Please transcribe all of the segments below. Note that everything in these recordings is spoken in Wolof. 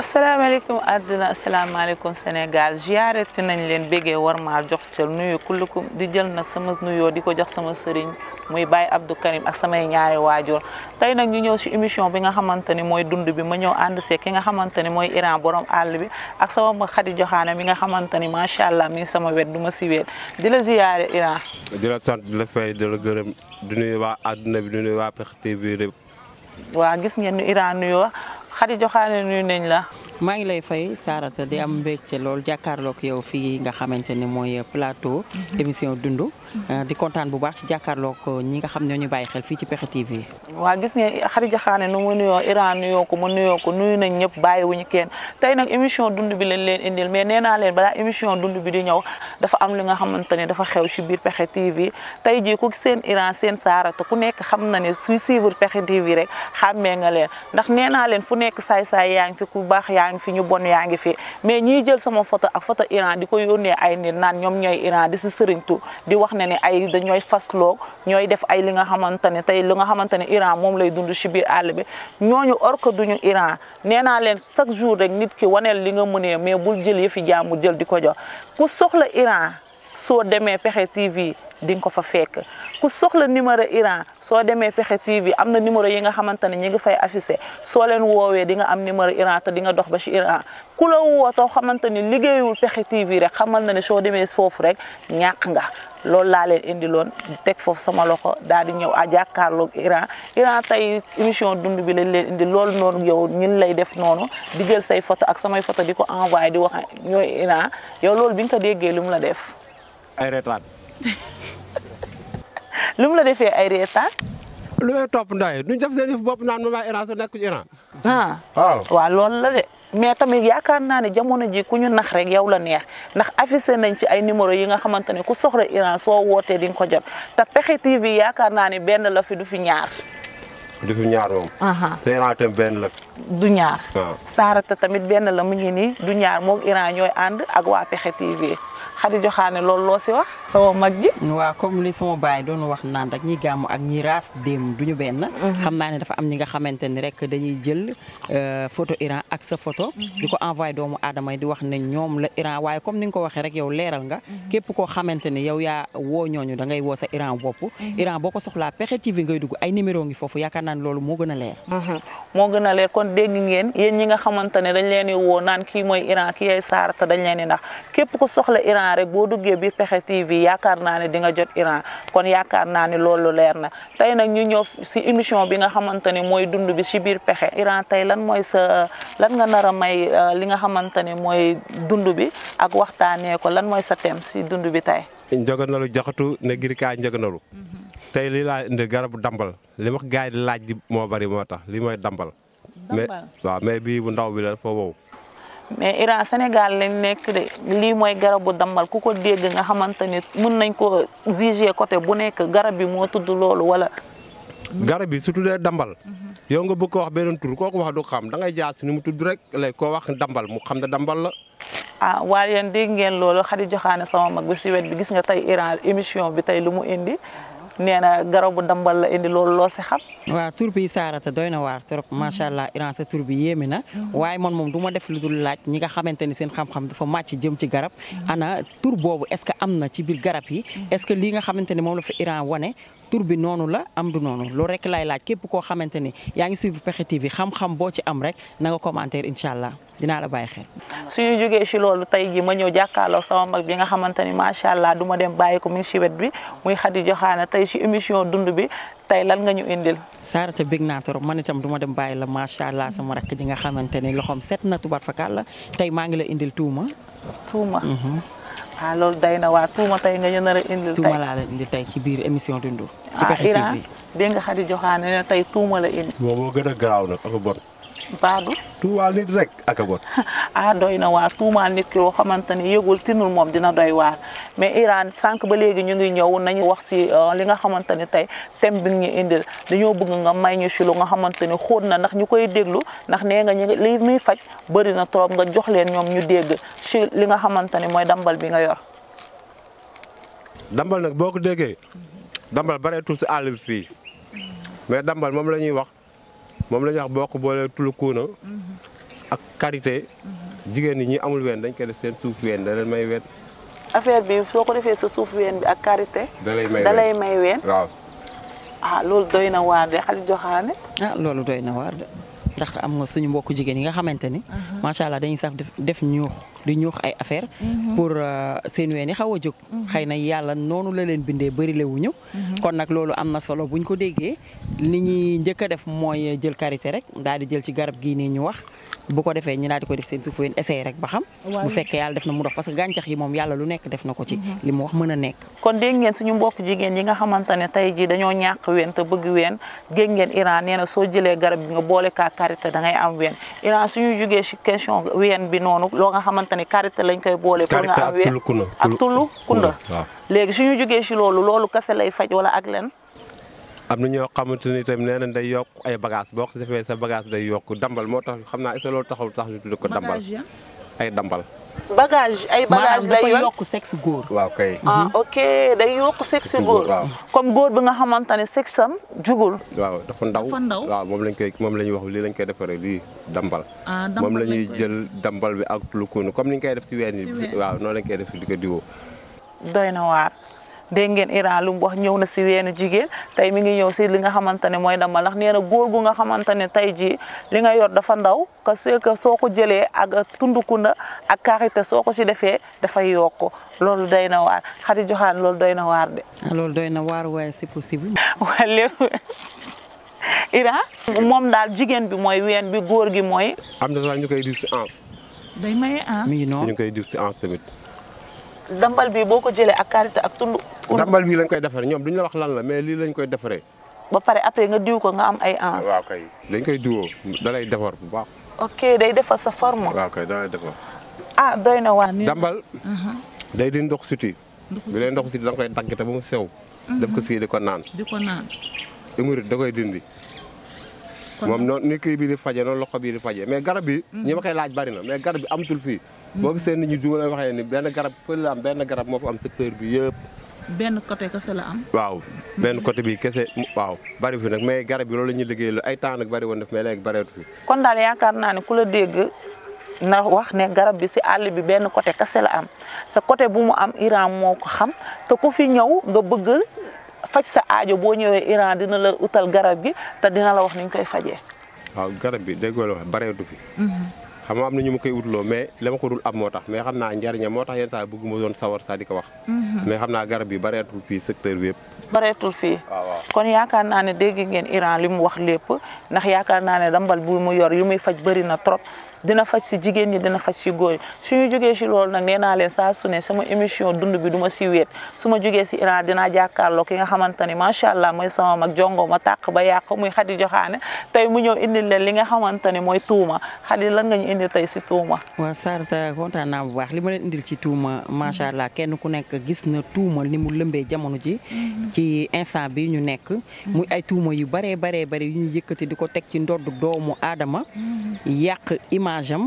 asalaamaaleykum àdduna asalaamaaleykum Sénégal ziareti nañ leen béggee war maa jox ca nuyu kullukum di jël nag sama nuyoo di ko jox sama sëriñ muy Baye Abdou Karim ak samay ñaari waajur tey nag ñu ñëw si émission bi nga xamante ni mooy dund bi ma ñëw ànd se ki nga xamante ni mooy Iran borom àll bi ak sama ma xadi joxaana mi nga xamante ni macha allah mi sama wet du ma si weet di la ziare Iran. di la sant di la fay di la gërëm di nuyu waa àdduna bi di nuyu waa Pexxe TV. waa Khady Diokhané nuyu nañ la. maa ngi lay fay Sarata di am mbégte lool jàkkaarloog yow fii nga xamante ne mooy plateau mhm. émission Dundu. Euh, di kontaan bu baax ci jàkkaarloog euh, ñi nga xam ne ñu bàyyi xel fii ci Pexxe TV. waa gis nga xari jaxaane nu mu ko mu nuyoo ko nuyu nañ ñëpp bàyyiwuñu kenn tey nag dund bi lañ leen indil mais nee naa leen balaa émission dund bi di ñëw dafa am li nga xamante ne dafa xew ci biir Pexxe TV tey jii ku seen Iran seen saarata ku nekk xam na ne suy suivre Pexxe TV rek xàmmee nga leen ndax nee naa leen fu nekk saay-saay yaa ngi ku baax yaa ngi fi ñu bon yaa ngi fi mais ñiy jël sama photo ak photo Iran di ko yónnee ay nit naan ñoom ñooy Iran di si sëriñtu di wax ne ne ay dañooy fasloo ñooy def ay li nga xamante ne tey li nga xamante ne Iran moom lay dund ci biir àll bi ñooñu or que duñu Iran nee naa leen chaque jour rek nit ki waneel li nga mënee mais bul jël fi jaamu jël di ko jox ku soxla Iran soo demee Pexxe TV di nga ko fa fekk ku soxla numéro Iran soo demee Pexxe TV am na numéro yi nga xamante ne ñi ngi fay affiché soo leen woowee di nga am numéro Iran te di nga dox ba ci Iran ku la wootoo xamante ni liggéeyul Pexxe TV rek xamal na ne soo demee foofu rek ñàkk nga loolu laa leen loon teg foofu sama loxo daal di ñëw a jàkkaarloog Iran Iran tey émission dund bi lañ leen indi lool noonu yow ñun lay def noonu di jël say photo ak samay photo di ko envoyé di wax ñooy Iran yow lool bi nga ko déggee lu mu la def. ay reetaan. lu la defee ay reetaan. lu may topp nday duñ def seen bopp naan ma waa Iran su nekk ci Iran. ah la de. mais tamit yaakaar naa ne jamono ji ku ñu nax rek yow la neex ndax affiché nañ fi ay numéro yi nga xamante ne ku soxla Iran soo wootee di nga ko jot te Pexxe TV yaakaar naa ne benn la fi du fi ñaar. du fi ñaar moom. te Iran tam benn la. du ñaar. waaw Sarata tamit benn la mu ngi du ñaar moog Iran ñooy ànd ak waa Pexxe TV. xadi joxaane loolu loo si wax sama mag ji waaw comme li sama baay doon wax naan rek ñi gàmm ak ñi raas déem du ñu benn mhm. xam naa ne ni rek dañuy jël euh, photo Iran sa photo mhm. di ko envoyé doomu aadama yi di wax ne ñoom la Iran waaye ni nga ko waxee rek yow leeral nga mhm. képp koo xamante ni yow yaa woo ñooñu da ngay woo sa Iran bopp Iran boo ko soxlaa Pexxe TV ngay dugg ay numéro ngi foofu yaakaar naa ne loolu moo a leer moo a leer kon dégg ngeen yéen ñi nga ne dañ leen di woo naan kii mooy Iran kii ay saar dañ leen ndax képp ko soxla Iran naa rek boo duggee biir Pexxe TV yaakaar naa ne di nga jot Iran kon yaakaar naa ne loolu leer na tey nag ñu ñëw si émission bi nga xamante ne mooy dund bi si biir pexe Iran tey lan mooy sa lan nga nar a may euh, li nga xamante ne mooy dund bi ak waxtaanee ko lan mooy sa thème si dund bi tey. njoganalu jaxatu ne giri kaa njoganalu mm-hmm. tey li laa indi garabu dambal li ma gars laaj moo bari moo tax li mooy dambal mais waaw bu ndaw bi la foo wow mais Iran Sénégal lañ nekk de lii mooy garabu dambal ku ko dégg nga xamante ni mun nañ ko juger côté bu nekk garab bi moo tudd loolu wala. garab yi su tuddee dambal. yoo nga bëgg ko wax beneen tur kooku wax du xam da ngay jaar si ni mu tudd rek lay koo wax dambal mu xam ne dambal la. ah waaye yéen dégg ngeen loolu xadi joxaane sama mag bi si wet bi gis nga tey Iran émission bi tey lu mu indi. nee na garabu dambal la indi lool loo si xam. waaw tur bi saarata doy na waar trop macha allah Iran sa tur bi yéeme na waaye man moom du ma def lu dul laaj ñi nga xamante ni seen xam-xam dafa màcc jëm ci garab ana tur boobu est-ce que am na ci biir garab yi est-ce que lii nga xamante ni moom la fa Iran wane. tur bi noonu la am du noonu loolu rek lay laaj képp koo xamante ni yaa ngi suivre Pexxe TV xam-xam boo ci am rek na nga commentaire incha allah dinaa la bàyyi xel. suñu jógee ci loolu tey ji ma ñëw jàkkaarloo sama mag bi nga xamante ni macha allah du dem bàyyi ko mi ci wet bi muy tey ci émission dund bi tey lan nga ñu indil. Sarata bég naa man itam du ma dem bàyyi la macha allah sama rakk ji nga xamante ni loxoom set na tubaar fakal la tey maa ngi la indil tuuma. tuuma. Mhm. waaw ah, loolu day na waa tuuma tey nga ñu nar indil. tey tuuma laa indil tey ci biir émission Dundu. ci Pexxe TV ah Iran dégg nga xadi joxaane ne tey tuuma la indi. moom gën a gaaw nag ak bon. baadu tuumaal nit rek ak a ah, doy na waa tuumaal nit ki yoo xamante ni yëgul tinul moom dina doy waar mais Iran sànq ba léegi ñu ngi ñëw nañu wax si euh, li nga xamante ni tey thème bi nga ñu indil dañoo bëgg nga may ñu si lu nga xamante ni xóot na ndax ñu koy déglu ndax nee nga ñu li faj bëri na trop nga jox leen ñoom ñu dégg si li nga xamante ni mooy dambal bi nga yor dambal nag boo ko déggee dambal bareetul si àll bi fii mais dambal moom la ñuy wax moom la ñuy boo bokk boole tulukuuna mhm. ak karité mhm. jigéen ñi ñi amul ween dañ koy def seen suuf ween da may ween affaire bi soo ko defee sa suuf ween bi ak karité da lay may ween waaw ah loolu doy na waar de xali joxaane ah loolu doy na waar de ndax am nga suñu mbokku jigéen yi nga xamante ni. Uh-huh. macha allah dañuy sax def def ñuux di ñuux ay affaire uh-huh. pour euh, seen ween yi xaw a jóg. Uh-huh. xëy na yàlla noonu la leen bindee bëri la wuñu kon nag loolu am na solo buñ ko déggee ni ñuy njëkk a def mooy jël karité rek daal di jël ci garab gii nii ñu wax. bu ko defee ñi daal di koy def seen suuf yéen essayé rek ba xam bu fekkee yàlla def na mu dox parce que moom yàlla lu nekk def na ko ci mhm. li wax mën a nekk kon dégg ngeen suñu mbokk jigéen yi jógee si question ween bi noonu loo nga xamante ne lañ koy boole pour nga am ween ak tullu kunda léegi suñu jógee si loolu loolu kase lay faj wala ak leen am na ñoo xamante nii tamit nee nañ day yokk ay bagage boo ko defee sa bagage day yokk dambal moo tax xam naa est-ce que loolu taxul tax ñu tudd ko dambal ay dambal bagage ay bagage day yokk sexe góor waaw kay ah mhm. ok day yokk sexe góor comme góor bi nga xamante ne sexe am jugul waaw dafa ndaw waaw moom lañ koy moom la ñuy wax lii lañ koy defaree lii dambal ah, moom la ñuy jël dambal bi ak lu comme ni ñu koy def si ween yi waaw noonu lañ koy def di ko diwoo doy na waar dégg ngeen Iran lu mu wax ñëw na si weenu jigéen tey mi ngi ñëw si li nga xamante ne mooy dama ndax nee na góor gu nga xamante ne tey jii li nga yor dafa ndaw parce soo ko jëlee ak tundukunda ak karité soo ko si defee dafay yokk loolu day na waar xati joxaan loolu day na waar de. Ah, loolu day na waar waaye c'est possible. Ira moom daal jigéen bi mooy ween bi góor gi mooy. am na sax ñu koy diw si ans. day maye ans mi noonu ñu koy diw ci ans tamit. dambal bi boo ko jëlee ak karité ak tund. dambal bi lañ koy defaree ñoom ñu la wax lan la mais lii lañ koy defaree. ba pare après nga diw ko nga am ay ans. waaw dañ koy diwoo dalay lay defar bu baax. ok day defar sa forme. waaw kay da lay defar. ah doy na waa. dambal. Uh-huh. day di ndox suti. ndox suti bi da koy daggate ba mu sew. Uh-huh. def ko si di ko naan. di ko naan. émurite da koy dindi. moom noonu ni kii bi di faje noonu loxo bii di faje mais garab bi. Mm-hmm. ñi ma koy laaj bari na mais garab bi amatul fii. boobu seen nit ñi duma la waxee ni benn garab fële la benn garab moo fa am secteur bi yëpp. benn côté kese la am. waaw benn côté bi kese waaw bari fi nag mais garab yi loolu la ñuy liggéey ay temps nag bari woon def mais léegi bareetu fi. kon daal yaakaar ne ku la dégg na wax ne garab bi si àll bi benn côté kese la am te côté bu mu am Iran moo ko xam te ku fi ñëw nga bëgg faj sa aajo boo ñëwee Iran dina la utal garab gi te dina la wax ni ñu koy fajee. waaw garab bi déggoo la wax bareetu fi. Mhm. xam nga am na ñu ma koy wutloo mais la ma dul am moo tax mais xam naa njariñam moo tax yenn saa bëgguma doon sawar saa di ko wax mhm. mais xam naa garab yi bareetul fii secteur bi bareetul fii ah, kon yaakaar naa ne dégg ngeen Iran li mu wax lépp ndax yaakaar naa ne dambal bu mu yor yu muy faj bëri na trop dina faj si jigéen ñi dina faj si góor yi suñu jógee si loolu nag nee naa leen saa su ne sama émission dund bi du ma si wéet su ma jógee si Iran dinaa jàkkaarloo ki nga xamante ni macha allah mooy sama mag jongo ma tàq ba yàq muy Xadi Joxaane tey mu ñëw indil leen li nga xamante ni mooy tuuma Xadi lan nga ñu indi tey si tuuma waaw Sarta kontaan bu baax li ma indil ci tuuma macha allah kenn ku nekk gis na tuuma ni mu lëmbee jamono ji mm-hmm. instant bi ñu nekk muy ay tuuma yu baree baree bari yu ñu yëkkati di ko teg ci ndodd doomu aadama mm-hmm. yàq image am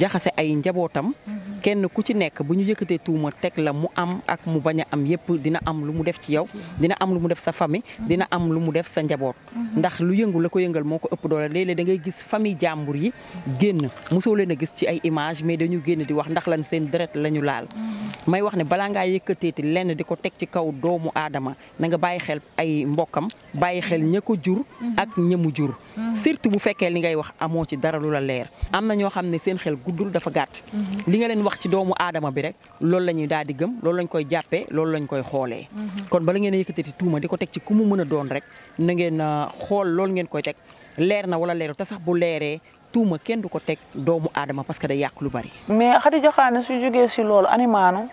jaxase ay njabootam mm-hmm. kenn ku ci nekk bu ñu yëkkatee tuuma teg la mu am ak mu bañ am yépp dina am lu mu def ci yow dina am lu mu def sa famille dina am lu mu def sa njaboot mhm. ndax lu yëngu la ko yëngal moo ko ëpp doole léeg-léeg gis famille jàmbur yi génn mosoo leen a gis ci ay image mais dañu génn di wax ndax lan seen deret la ñu laal mhm. may wax ne balaa ngaa yëkkateeti lenn di ko teg ci kaw doomu aadama na nga bàyyi xel ay mbokkam bàyyi xel ña jur mhm. ak ñamu jur surtout bu fekkee li ngay wax amoo ci dara lu la leer am na ñoo xam ne seen xel guddul dafa gàtt li nga leen wax wax ci doomu aadama bi rek loolu la ñuy daal di gëm loolu lañ koy jàppee loolu lañ koy xoolee. Mhm. kon bala ngeen a yëkkatati tuuma di ko teg ci ku mu mën a doon rek na ngeen uh, xool loolu ngeen koy teg leer na wala leer te sax bu leeree tuuma kenn du ko teg doomu aadama parce que da yàq lu bari. mais Khadija Khane su jógee si loolu ani maanu.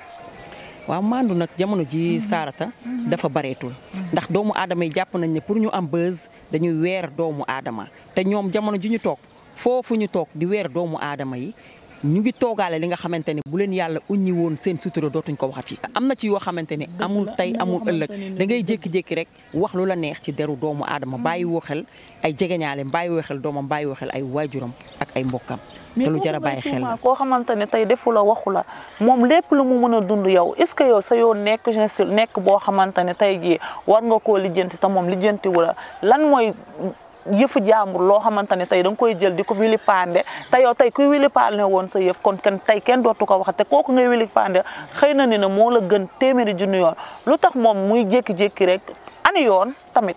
waaw maandu nag jamono ji mhm. saarata mhm. dafa bareetul ndax doomu aadama yi jàpp nañ ne pour ñu am buzz dañuy weer doomu aadama te ñoom jamono ji ñu toog foofu ñu toog di weer doomu aadama yi ñu ngi toogaale li nga xamante ne bu leen yàlla uññi woon seen sutura dootuñ ko wax waxati. am na ci yoo xamante ne amul tey amul ëllëg da ngay jékki-jékki rek wax lu la neex ci deru doomu aadama mm. bàyyi woo xel ay jegeñaale bàyyi woo xel doomam bàyyi woo xel ay waajuram ak ay mbokkam. te lu jar a bàyyi xel la koo xamante ne tey defu la waxu la moom lépp lu mu mën a dund yow est ce que yow sa yoon nekk nekk boo xamante ne tey jii war nga koo lijjanti te moom lijjantiwu la lan mooy yëfu jàmbur loo xamante ne tey da nga koy jël di ko wili pande te yow tey ku wili pande woon sa yëf kon kenn tey kenn dootu ko wax te kooku ngay wili pande xëy na ni ne moo la gën téeméeri junni yoon lu tax moom muy jékki-jékki rek ani yoon tamit.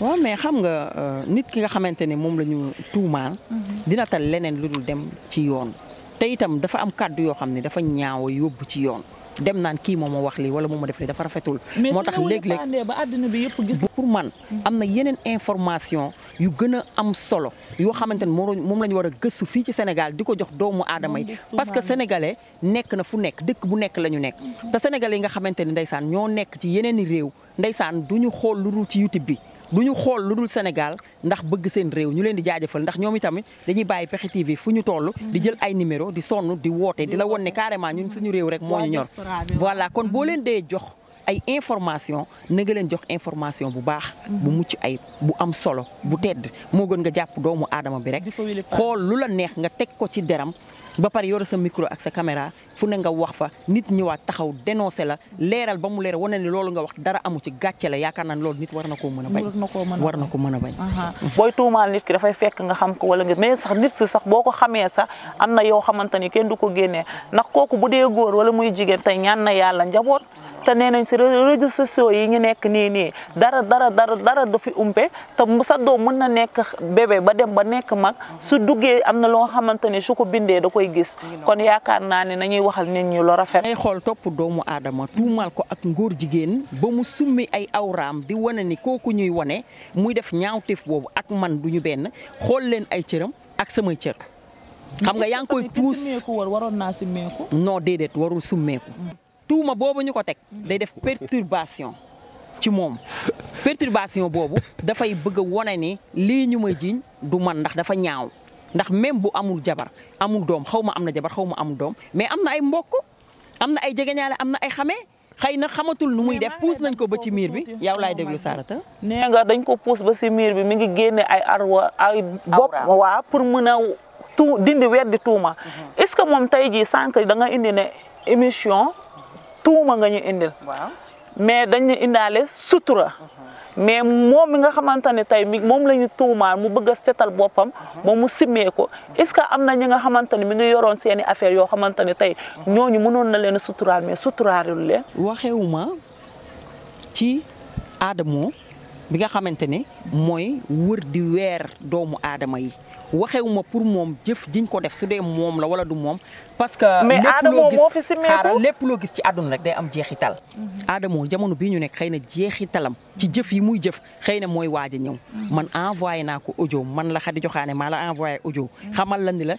waaw mais xam nga euh, nit ki nga xamante ne moom la ñu tuumaal. Mhm. dina tal leneen lu dul dem ci yoon. te itam dafa am kàddu yoo xam ne dafa ñaaw yóbbu ci yoon. dem naan kii moom moo wax lii wala moom moo def lii dafa rafetul. moo tax léeg-léeg ba àddina bi yëpp gis. pour man am na yeneen information yu gën a am solo yoo xamante ne moom la ñu war a gëstu fii ci Sénégal di ko jox doomu aadama parce que sénégalais nekk na fu nekk dëkk bu nekk la ñu nekk. te sénégalais yi nga xamante ne ndeysaan ñoo nekk ci yeneen i réew ndeysaan du ñu xool lu dul ci YouTube bi du ñu xool lu dul Sénégal ndax bëgg seen réew ñu leen di jaajëfal ndax ñoom itamit dañuy bàyyi Pexxe TV fu ñu toll di jël ay numéro di sonn di wootee di la won ne ñu ñun suñu réew rek moo ñu ñor voilà kon boo leen dee jox ay information na leen jox information bu baax bu mm-hmm. mucc ay bu am solo bu tedd moo gën nga jàpp doomu aadama bi rek xool lu la neex nga teg ko ci deram ba pare yore sa micro ak sa fu ne nga wax fa nit ñëwaat taxaw dénoncé la leeral ba mu leer wane ne loolu nga wax dara amu ci gàcce la yaakaar loolu nit war na a bañ war na ko mën a bañ booy tuumaal nit ki dafay fekk nga xam ko wala nga mais sax nit si sax boo ko xamee sax am na yoo xamante ni kenn du ko génnee ndax kooku bu dee góor wala muy jigéen tey na yàlla njaboot te nee si réseaux sociaux yi ñu nekk nii nii dara dara dara fi umpe te sa doom mën ba ba nekk mag su duggee na loo xamante ni su ko bindee gis kon yaakaar naa ne nañuy waxal nit ñu lu rafet ay xool topp doomu aadama tuumal ko ak ngóor jigéen ba mu summi ay awraam di wane ni kooku ñuy wane muy def ñaaw ñaawteef boobu ak man du ñu benn xool leen ay cëram ak samay cër xam nga yaa ngi koy puus waroon naa simmeeku non déedéet warul summeeku tuuma boobu ñu ko teg day def perturbation ci moom perturbation boobu dafay bëgg a wone ni lii ñu may jiiñ du man ndax dafa ñaaw ndax même bu amul jabar amul doom xaw ma am na jabar xaw ma amul doom mais am na ay mbokk am na ay jege jegeñaale am na ay xame xëy na xamatul nu muy def puus nañ ko ba ci miir bi yow laay déglu Sarata. nee nga dañ ko puus ba ci miir bi mu ngi génne ay arwa ay bopp waa pour mën a tu dindi weddi tuuma mhm. est-ce que moom tey jii sànq da nga indi ne émission tuuma nga ñu indil. waaw mais dañ dañu indaale sutura. Mhm. mais moom mi nga xamante ne tey mi moom la ñu tuumaal mu bëgg a setal boppam mhm. moom mu simmee ko est-ce que am na ñi nga xamante ne mi ngi yoroon seeni affaire yoo xamante ne tey mhm. ñooñu mënoon na leen suturaal mais suturaalul leen waxewuma ci aadamoo bi nga xamante ne mooy wër di weer doomu aadama yi waxewuma pour moom jëf jiñ ko def su dee moom la wala du moom parce que xaaral lépp loo gis ci àdduna rek day am jeexital aadamoo mhm. jamono bii ñu nekk xëy na jeexitalam ci jëf yi muy jëf xëy na mooy waaja a ñëw mhm. man envoyé naa ko audio man la Khady Diokhané maa la envoyé audio mhm. xamal la ni la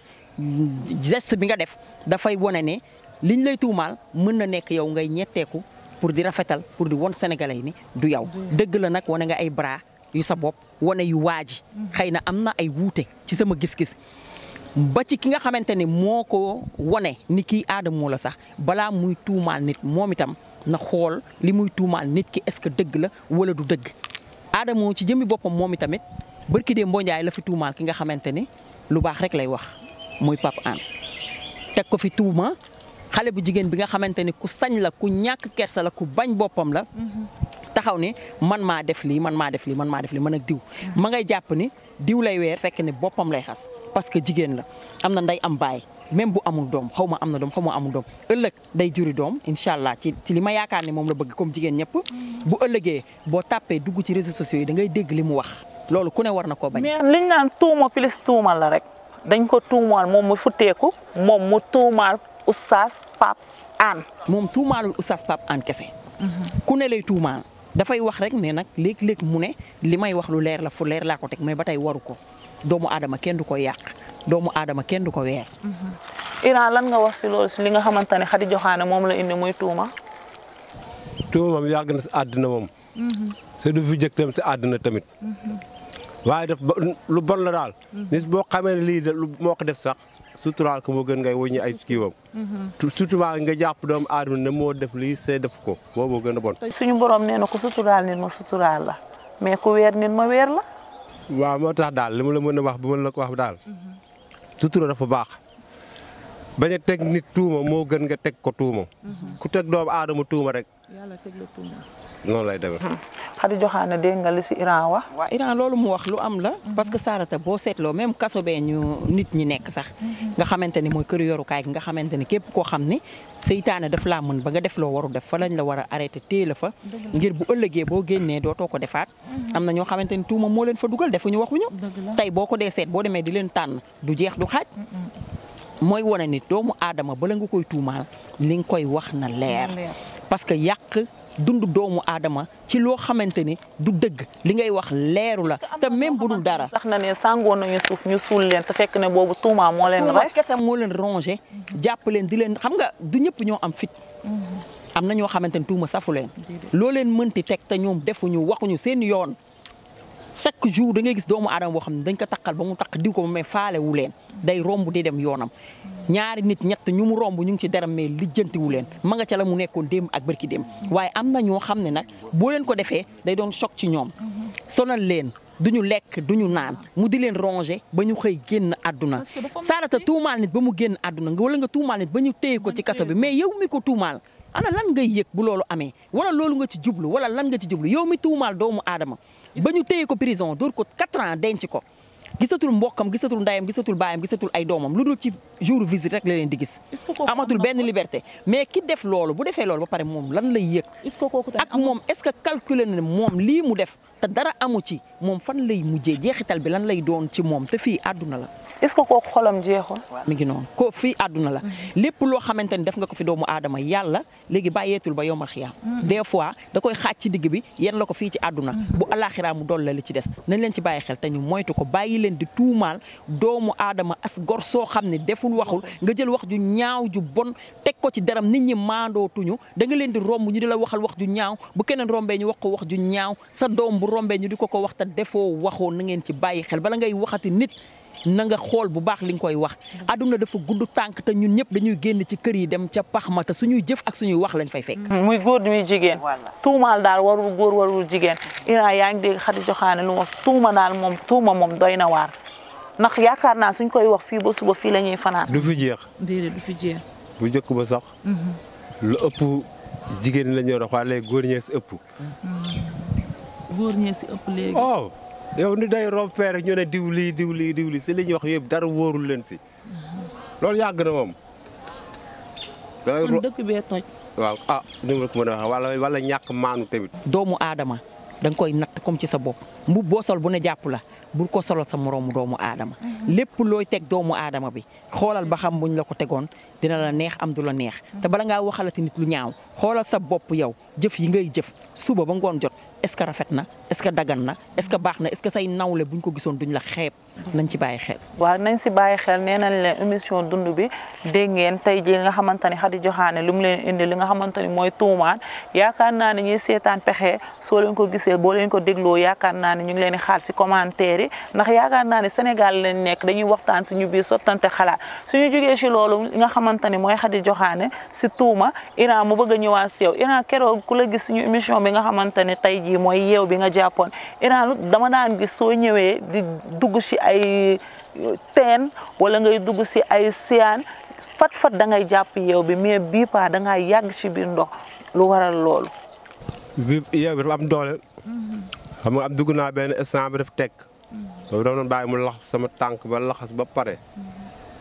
geste bi nga def dafay wane ne liñ lay tuumaal mën na nekk yow ngay ñetteeku pour di rafetal pour di won sénégalais yi du yow dëgg la nag wane nga ay bras yu sa bopp wane yu waa ji xëy na am na ay wuute ci sama gis-gis ba ci ki nga xamante ne moo ko wane ni kii aadamoo la sax balaa muy tuumaal nit moom itam na xool li muy tuumaal nit ki est-ce que dëgg la wala du dëgg aadamoo ci jëmmi boppam moom itamit bërki dee mboo la fi tuumaal ki nga xamante ni lu baax rek lay wax muy Pape Hann teg ko fi tuuma xale bu jigéen bi nga xamante ne ku sañ la ku ñàkk kersa la ku bañ boppam la mm-hmm. taxaw ni man maa def lii man maa def lii man maa def lii man ak diw ma ngay jàpp ni diw lay weer fekk ne boppam lay xas parce que jigéen la am na nday am baay même bu amul doom xaw ma am na doom xaw ma amul doom ëllëg day juri doom incha allah ci ci li ma yaakaar ne moom la bëgg comme jigéen ñëpp bu ëllëgee boo tàppee dugg ci réseaux sociaux yi da mu wax loolu ku ne war na koo bañ. mais liñ naan tuuma plus tuumal la rek dañ ko tuumaal moom mu futteeku moom mu tuumaal oustaz Pape Hann. moom tuumaalul oustaz Pape kese. Mhm. ku ne lay tuumaal. dafay wax rek ne nag léeg-léeg mu ne li may wax lu leer la fu leer laa ko teg mais ba tey waru ko doomu aadama kenn du ko yàq doomu aadama kenn du ko weer. Mm-hmm. Iran lan nga wax si loolu si li nga xamante ne Khady Diokhané moom la indi muy tuuma. tuuma moom yàgg na si àddina moom. te du fi jëkkëram tamit. Mm-hmm. waaye def lu bon la daal. Mm-hmm. nit boo xamee ne lii de moo ko def sax. suturaal ko moo gën ngay woññi ay kiiwam mm-hmm. surtout nga jàpp doomu aadama ne moo def lii see def ko moo moo gën a bon suñu borom nee na ku suturaal nit ma suturaal la mais ku weer nit ma weer la waaw moo tax daal li ma la mën a wax bu la ko wax daal mm-hmm. sutura dafa baax bañ a teg nit tuuma moo gën nga teg ko tuuma mm-hmm. ku teg doomu aadama tuuma rek yàlla teg la tuuma. noonu lay demee. Hmm. Xadi Joxaana dégg nga li si Iran wax. waaw Iran loolu mu wax lu am la. parce que Sarata boo seetloo même kaso bee ñu nit ñi nekk sax. Mhm. nga xamante ne mooy kër yorukaay gi nga xamante ne képp koo xam ne seytaane daf laa mën ba nga def loo waru def fa lañ la war a arrêté téye la fa. ngir bu ëllëgee boo génnee dootoo ko defaat. Mhm. am na ñoo xamante ni tuuma moo leen fa dugal ñu defuñu waxuñu. tey boo ko dee seet boo demee di leen tànn du jeex du xaaj. mooy wane nit doomu aadama bala nga koy tuumaal li nga koy wax na leer. parce que yàq dundu doomu aadama ci loo xamante ni du dëgg li ngay wax leeru la te même bu dul dara. sax na ne sàngoon nañu suuf ñu suul leen te fekk ne boobu tuuma moo leen. rey kese moo leen rongé jàpp leen di leen xam nga du ñëpp ñoo am fit. Mhm. am na ñoo xamante ni tuuma safu leen. loo leen mënti teg te ñoom defuñu waxuñu seen yoon. chaque jour da ngay gis doomu aadama boo xam ne dañ ko takkal ba mu takk diw ko mais faale wu leen day romb di dem yoonam ñaari nit ñett ñu mu romb ñu ngi ci deram mais lijjanti wu leen ma nga ca la mu nekkoon démb ak bërki démb waaye am na ñoo xam ne nag boo leen ko defee day doon choc ci ñoom sonal leen du ñu lekk du ñu naan mu di leen ronge ba ñu xëy génn àdduna saarata tuumaal nit ba mu génn àdduna nga wala nga tuumaal nit ba ñu téye ko ci kaso bi mais yow mi ko tuumaal ana lan ngay yëg bu loolu amee wala loolu nga ci jublu wala lan nga ci jublu yow mi tuumaal doomu aadama ba ñu téye ko prison dóor ko 4 ans denc ko gisatul mbokkam gisatul ndayam gisatul baayam gisatul ay doomam lu dul ci jour visite rek la leen di gis amatul benn liberte mais ki def loolu bu defee loolu ba pare moom lan lay yëg ak moom est-ce que calculer na moom lii mu def te dara amu ci moom fan lay mujjee jeexital bi lan lay doon ci moom te fii àdduna la est-ce que kooku xolam jeexul. mi ngi noonu ko fi àdduna la. lépp loo xamante ni def nga ko fi doomu aadama yàlla léegi bàyyeetul ba yomal xiyaam. Mm. des fois da koy xaaj ci digg bi yenn la ko fii ci àdduna. Mm. bu alaxira mu dool la li ci des nañ leen ci bàyyi xel te ñu moytu ko bàyyi leen di tuumaal doomu aadama as gor soo xam ne deful waxul nga jël wax ju ñaaw ju bon teg ko ci deram nit ñi maandootuñu da nga leen di romb ñu di la waxal wax ju ñaaw bu keneen rombee ñu wax ko wax ju ñaaw sa doom bu rombee ñu di ko ko wax te defoo waxoo na ngeen ci bàyyi xel bala ngay waxati nit na xool bu baax li nga koy wax aduna dafa gudd tànk te ñun ñëpp dañuy génn ci kër yi dem ca pax ma te suñuy jëf ak suñuy wax lañ fay fekk muy góor di muy jigéen tuumaal daal warul góor warul jigéen yaa ngi dégg xati joxaane lu wax tuuma daal moom tuuma moom doy na waar ndax yaakaar naa suñ koy wax fii fii la ñuy fanaan du fi jeex fi jeex bu njëkk ba sax mhm. lu ëpp jigéen la ñuy wax waaye góor ñee si ëpp mhm. góor ñee si ëpp léegi oh. yow ni day rompee rek ñu ne diw lii diw lii diw lii si li ñuy wax yëpp dara wóorul leen si loolu yàgg na moom. dëkk bee toj. waaw ah, a waxee wala ñàkk maanu tamit. doomu aadama da koy natt comme ci sa bopp mbubb boo sol bu ne jàpp la bul ko solal sa moroomu doomu aadama. Mhm. lépp looy teg doomu aadama bi xoolal ba xam buñ la ko tegoon dina la neex am du la neex. te bala ngaa waxalati nit lu ñaaw xoolal sa bopp yow jëf yi ngay jëf suba ba ngoon jot est-ce que rafet na. est-ce que dagan na est-ce que baax na ko gisoon duñ la xeeb nañ ci bàyyi xel. waaw nañ si bàyyi xel nee nañ leen émission dund bi dégg ngeen tey nga xamante mooy tuumaan yaakaar naa ne ñuy seetaan pexe soo leen ko gisee boo leen ko dégloo yaakaar naa ne ñu leen di xaar commentaire yi ndax yaakaar naa ne Sénégal lañ nekk dañuy waxtaan suñu biir sottante xalaat suñu jógee si loolu nga xamante mooy Khady Diokhané si tuuma Iran mu bëgg a ñëwaat Iran keroog ku la gis suñu jàppoon Iran dama daan gis soo ñëwee di dugg si ay euh, teen wala ngay dugg si ay siyaan fat fat da ngay jàpp yeew bi mais bii paa da ngaa yàgg si biir ndox lu waral loolu. yeew bi dafa am doole. xam nga am dugg naa benn instant bi daf teg. boobu dama doon bàyyi mu lax sama tànk ba laxas ba pare.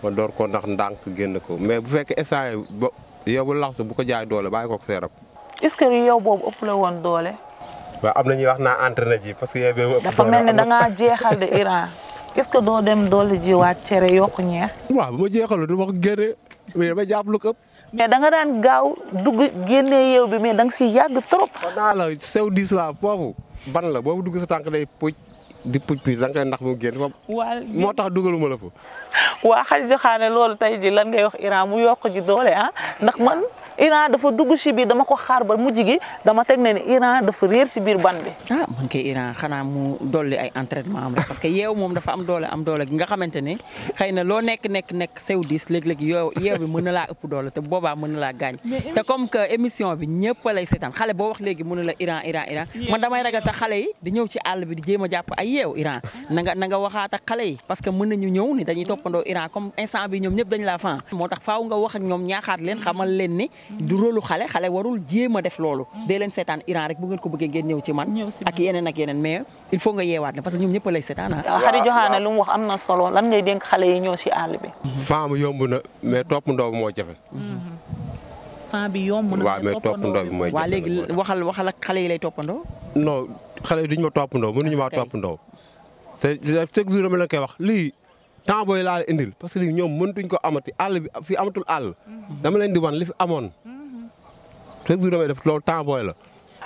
ma door ko ndax ndànk génn ko mais bu fekkee instant yi ba yeew bu laxasu bu ko jaay doole bàyyi ko seeram. est-ce boobu ëpp la woon doole. waaw am na ñuy wax naa entraîné ji parce que yow bee ëpp dafa mel ne da ngaa jeexal de Iran est-ce que doo dem doole jiwaat cere yokku ñeex. waaw bu ma jeexaloon du ma ko génne mais dama jàpp mais da nga daan gaaw dugg génne yeew bi mais da nga siy yàgg trop. kon naa la sew diis la foofu ban la boobu dugg sa tànk day pucc di pucc bi da nga koy mu génn foofu. moo tax dugaluma la fa. waa xaj joxaane loolu tey ji lan ngay wax Iran mu yokk ji doole ah ndax man. Iran dafa dugg si biir dama ko xaar ba mujj gi dama teg ne ni Iran dafa réer si biir ban bi. ah man kay Iran xanaa mu dolli ay entraînement am rek parce que yeew moom dafa am doole am doole gi nga xamante ne xëy na loo nekk nekk nekk sew léeg-léeg yeew yeew bi mën na laa ëpp doole te boobaa mën na laa gaañ. te comme que émission bi ñëpp lay seetaan xale boo wax léegi mën na la Iran Iran Iran man damay ragal sax xale yi di ñëw ci àll bi di jéem a jàpp ay yeew Iran na nga na nga waxaat xale yi parce que mën nañu ñëw ni dañuy toppandoo Iran comme instant bi ñoom ñëpp dañ laa fan moo tax faaw nga wax ak ñoom ñaaxaat leen xamal leen du rôlu xale xale warul jéem a def loolu dee leen seetaan Iran rek bu ko bëggee ngeen ñëw ci man ak yeneen ak yeneen mais il faut nga yeewaat la parce que ñoom ñëpp a lay seetaan ah xarit Joxaane lu wax am na solo lan ngay dénk xale yi ñëw si àll bi femme yomb na mais topp ndaw moo jafe femme bi yomb na waaw mais toppandoo bi mooy waaw léegi waxal waxal ak xale yi lay toppandoo non xale yi duñ ma toppandoo mënuñu te chaque jour dama leen koy wax lii temps booy laa indil parce que léegi ñoom mëntuñ ko amati àll bi fi amatul àll. dama leen di wan li fi amoon. te bu def loolu temps booy la.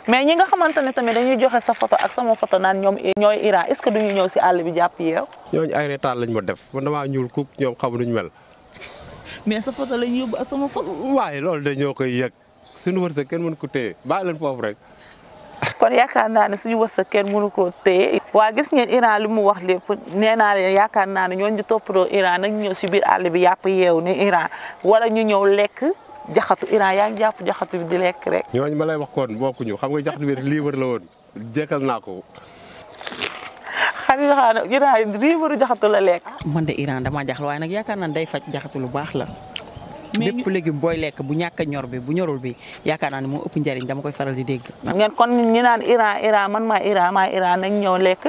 mais ñi nga xamante ne tamit dañuy joxe sa photo ak sama photo naan ñoom ñooy Iran est ce que duñu ñëw si àll bi jàpp yow. ñooñ ay retard lañ ma def man damaa ñuul ku ñoom xamu nuñ mel. mais sa photo lañ yóbbu ak sama photo. waaye loolu da dañoo koy yëg suñu wërsëg kenn mën ko téye bàyyi leen foofu rek. kon yaakaar naa ne suñu wërsëg kenn mënu koo téye waa gis ngeen Iran lu mu wax lépp nee naa yaakaar naa ne ñooñu di toppatoo Iran nag ñëw si biir àll bi yàpp yeew ni Iran wala ñu ñëw lekk jaxatu Iran yaa ngi jàpp jaxatu lekk rek. ñooñu ma lay wax koon bokkuñu xam nga jaxatu bi liibar la woon jekkal naa ko. xarit xaaral Iran liibaru jaxatu la lekk. man de Iran damaa jaaxle waaye nag yaakaar naa day faj jaxatu lu baax la. bépp légume lekk bu ñàkk a ñor bi bu ñorul bi yaakaar naa ne moo ëpp njëriñ dama koy faral di dégg. ngeen kon ñu naan Iran Iran man ma Iran maa Iran nañ ñëw lekk.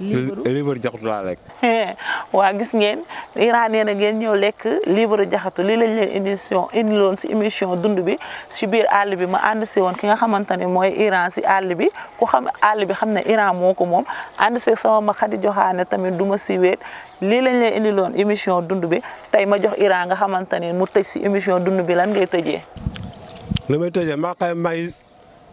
liibaru jaxatu laa lekk. waa gis ngeen iranien a ngeen ñëw lekk liibaru jaxatu lii lañ leen indiloon si émission dund bi si biir àll bi ma ànd si woon ki nga xamante ne mooy Iran si àll bi ku xam àll bi xam ne Iran moo ko moom ànd si sama ma xadi joxaane tamit duma ma si weet lañ indiloon émission dund bi tey ma jox Iran nga xamante ne mu tëj si émission dund bi lan ngay tëjee.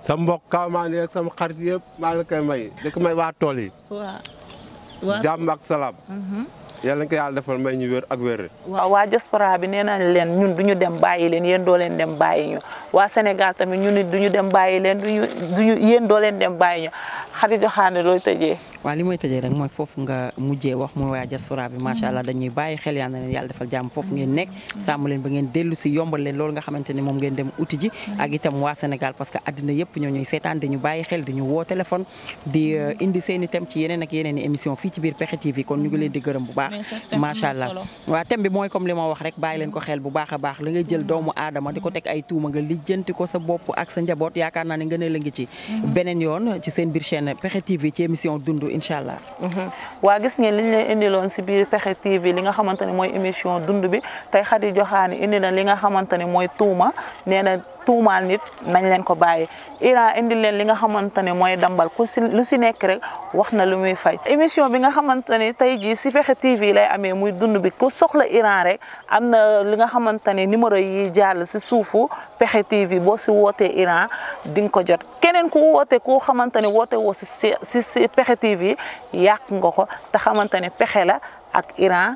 sa mbokk kaamaani rek sama xarit yëpp maa la koy may di may waa tool yi. waaw jàmm ak salaam. Mhm. yàlla na ko yàlla defal may ñu wér ak wér. waaw waa diaspora bi nee nañ leen ñun du ñu dem bàyyi leen yéen doo leen dem bàyyi ñu waa senegal tamit ñun it du ñu dem bàyyi leen du ñu du doo leen dem bàyyi ñu. xarit joxaane looy tëjee waaw li may rek mooy foofu nga mujjee wax mooy waa diaspora bi macha allah dañuy bàyyi xel yal na leen yàlla defal jàmm foofu ngeen nekk sàmm leen ba ngeen dellu si yombal leen loolu nga xamante ne moom ngeen dem uti ji ak itam waa Sénégal parce que addina yëpp ñoo ñuy seetaan dañu bàyyi xel dañu woo téléphone di euh, indi seen i thème ci yeneen ak yeneen i émission fii ci biir Pexxe TV kon ñu ngi leen di gërëm bu baax macha allah waaw thème bi mooy comme li ma wax rek bàyyi leen ko xel bu baax a baax la nga jël doomu bopp ak sa njaboot yaakaar naa ne nga ne la ngi chaîne Pexxe TV ci émission dund incha allah. Mhm. waa gis ngeen li ñu indiloon si biir Pexxe TV li nga xamante mooy émission dund bi tey Khady Diokhané indi li nga xamante mooy tuuma nee tuumaal nit nañ leen ko bàyyi Iran indi leen li nga xamante ne mooy dambal ku si lu si nekk rek wax na lu muy fay émission bi nga xamante ne tey jii si fexe TV lay amee muy dund bi ku soxla Iran rek am na li nga xamante ne numéro yi jàll si suufu pexe TV boo si wootee Iran di nga ko jot keneen ku woote ku xamante ne woote woo si si si pexe TV yàq nga ko te xamante ne pexe la ak Iran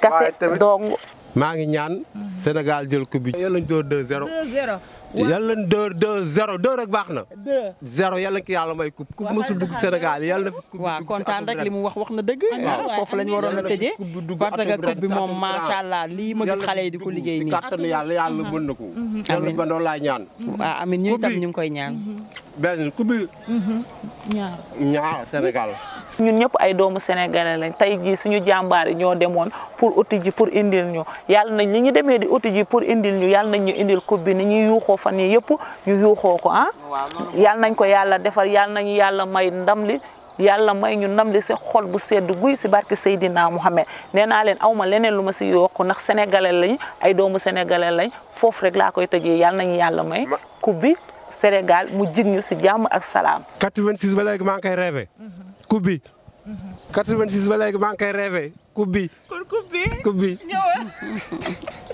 kase dong maa ngi ñaan Sénégal jël bi. yéen lañ door 2-0. yàlla na deux deux zéro deux baax na. deux zéro yàlla ki yàlla may coupe coupe mosul dugg Sénégal yàlla na. waaw kontaan rek li mu wax wax na dëgg. Ah, waaw foofu lañ waroon a tëjee. parce que coupe bi moom macha allah lii ma gis xale yi di ko liggéey nii. kàttanu yàlla yàlla mën na ko. amiin ba doon laa ñaan. waaw amiin ñun tam ñu ngi koy ñaan. benn coupe mm-hmm. ñaar Sénégal. ñun ñëpp ay doomu sénégalais lañ tey jii suñu jàmbaar yi ñoo demoon pour uti ji pour indil ñu yàlla nañ ni ñu demee di uti ji pour indil ñu yàlla nañ ñu indil coupe bi ni ñuy yuuxoo fan yi yëpp ñu yuuxoo ko ah yàlla nañ ko yàlla defar yàlla nañu yàlla may ndam li yàlla may ñu ndam se si xol bu sedd guy si barke Seydina Mouhamed nee naa leen awma leneen lu ma si yokk ndax sénégalais lañ ay doomu sénégalais lañ foofu rek laa koy tëjee yàlla nañu yàlla may coupe bi Sénégal mu jig ñu si jàmm ak salaam 86 ba léegi coupe bi. 86 ba léegi maa ngi koy rêvé coupe bi. bi.